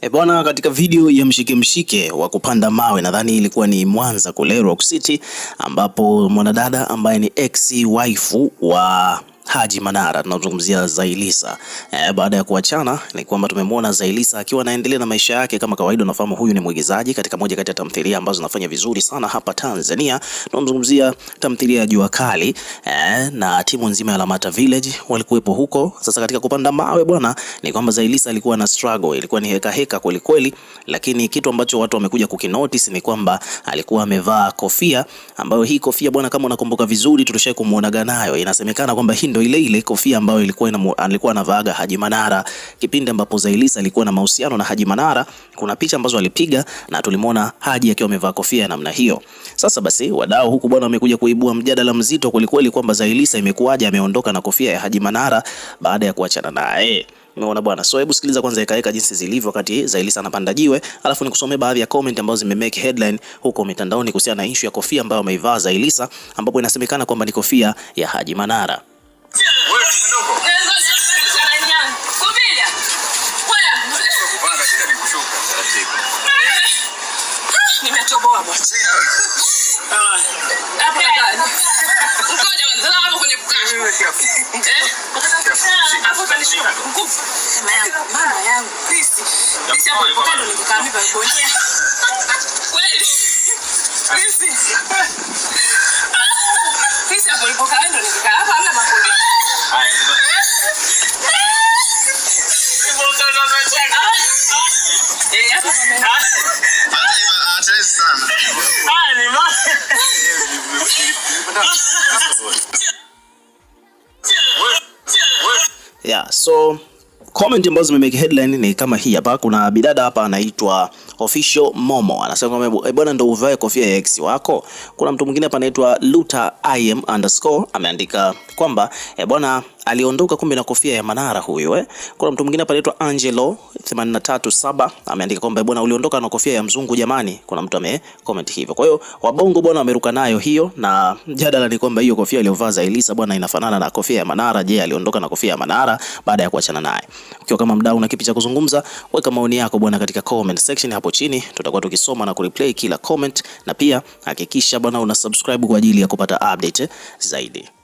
E bwana, katika video ya mshike mshike wa kupanda mawe, nadhani ilikuwa ni Mwanza kule Rock City, ambapo mwanadada ambaye ni ex waifu wa Haji Manara, tunazungumzia Zailisa. E, baada ya kuachana ni kwamba tumemwona Zailisa akiwa anaendelea na maisha yake kama kawaida. Unafahamu huyu ni mwigizaji katika moja kati ya tamthilia ambazo zinafanya vizuri sana hapa Tanzania. Tunazungumzia tamthilia ya Jua Kali e, na timu nzima ya Lamata Village walikuwepo huko. Sasa katika kupanda mawe bwana, ni kwamba Zailisa alikuwa na struggle, ilikuwa ni heka heka kweli kweli, lakini kitu ambacho watu wamekuja kukinotice ni kwamba alikuwa amevaa kofia ambayo hii kofia bwana, kama unakumbuka vizuri, tulishawahi kumuonaga nayo, inasemekana kwamba hii ndio ile ile kofia ambayo ilikuwa ina, alikuwa anavaaga Haji Manara kipindi ambapo Zailisa alikuwa na mahusiano na Haji Manara. Kuna picha ambazo alipiga na tulimwona Haji akiwa amevaa kofia ya namna hiyo. Sasa basi, wadau huku bwana wamekuja kuibua mjadala mzito kwelikweli kwamba Zailisa imekuwaje ameondoka na kofia ya Haji Manara baada ya kuachana naye. Umeona bwana, so hebu sikiliza kwanza ikaeka jinsi zilivyo wakati Zailisa anapanda jiwe, alafu nikusomee baadhi ya comment ambazo zimemake headline huko mitandaoni kuhusiana na issue ya kofia ambayo ameivaa Zailisa, ambapo inasemekana kwamba ni kofia ya Haji Manara. Yeah. Yeah, so comment ambazo zimemake headline ni kama hii hapa. Kuna bidada hapa anaitwa Official Momo anasema kwamba eh, bwana, ndo uvae kofia ya ex wako. Kuna mtu mwingine hapa anaitwa Luta IM underscore ameandika kwamba eh, bwana aliondoka kumbe na kofia ya Manara huyo eh. Kuna mtu mwingine hapa anaitwa Angelo 837 ameandika kwamba bwana, uliondoka na kofia ya mzungu jamani. Kuna mtu ame comment hivyo. Kwa hiyo wabongo bwana wameruka nayo hiyo, na mjadala ni kwamba hiyo kofia aliyovaa Zailisa bwana inafanana na kofia ya Manara. Je, aliondoka na kofia ya Manara baada ya kuachana naye? Ukiwa kama mdau na kipi cha kuzungumza, weka maoni yako bwana katika comment section hapo chini, tutakuwa tukisoma na kureplay kila comment, na pia hakikisha bwana una subscribe kwa ajili ya kupata update zaidi.